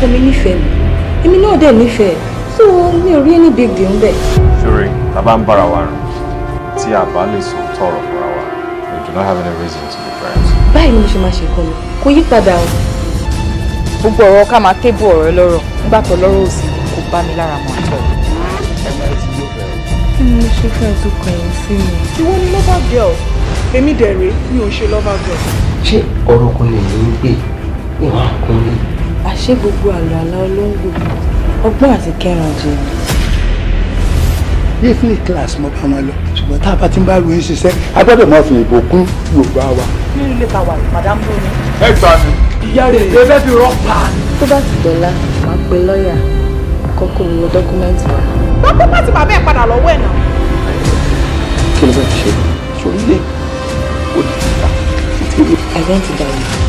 ọkọ mi nífẹ̀ẹ́ mi èmi náà dẹ̀ nífẹ̀ẹ́ so mi ò rí any big deal ńbẹ̀. ṣòro bàbá ń bára wa rìn tí a bá lè sọ tọrọ fúnra wa we do not have any reason to be friends. báyìí ni mo ṣe máa ṣe kọ́ mi kò yí padà o. gbogbo ọ̀rọ̀ ká máa tébù ọ̀rọ̀ lọ́rọ̀ nígbà tó lọ́rọ̀ òsì kò bá mi lára mọ́ àtọ̀. kí ni mo ṣe fẹ́ tó kàn yín sí mi. ìwọ ni lover girl èmi dẹ̀ rèé mi ò ṣe lover girl. ṣé ọ̀rọ̀ kan lè ní í gbé ìwà kan lè ṣé gbogbo àlọ́ àlá olóńgbò ọgbọ́n àti kẹrin jẹ ni. yéèfín class mo bá wọn lọ ṣùgbọ́n tá a bá ti ń bá ru yín ṣiṣẹ́ a gbọ́dọ̀ máa fi ìbò kún yorùbá wa. nínú ilé ta wà màdámù ló ní. ẹ gbà mí. ìyá rẹ̀ lè fẹ́ fi rọ́pà. tó bá ti dọ̀la wàá pe lọ́ọ̀yà kọ́kọ́ wo dọ́kúmẹ́ǹtì wa. dọ́kúmẹ́ǹtì bàbá ẹ̀ padà lọ́wọ́ ẹ̀ náà. kí ló fẹ́ fi ṣe sórí ilé ìwé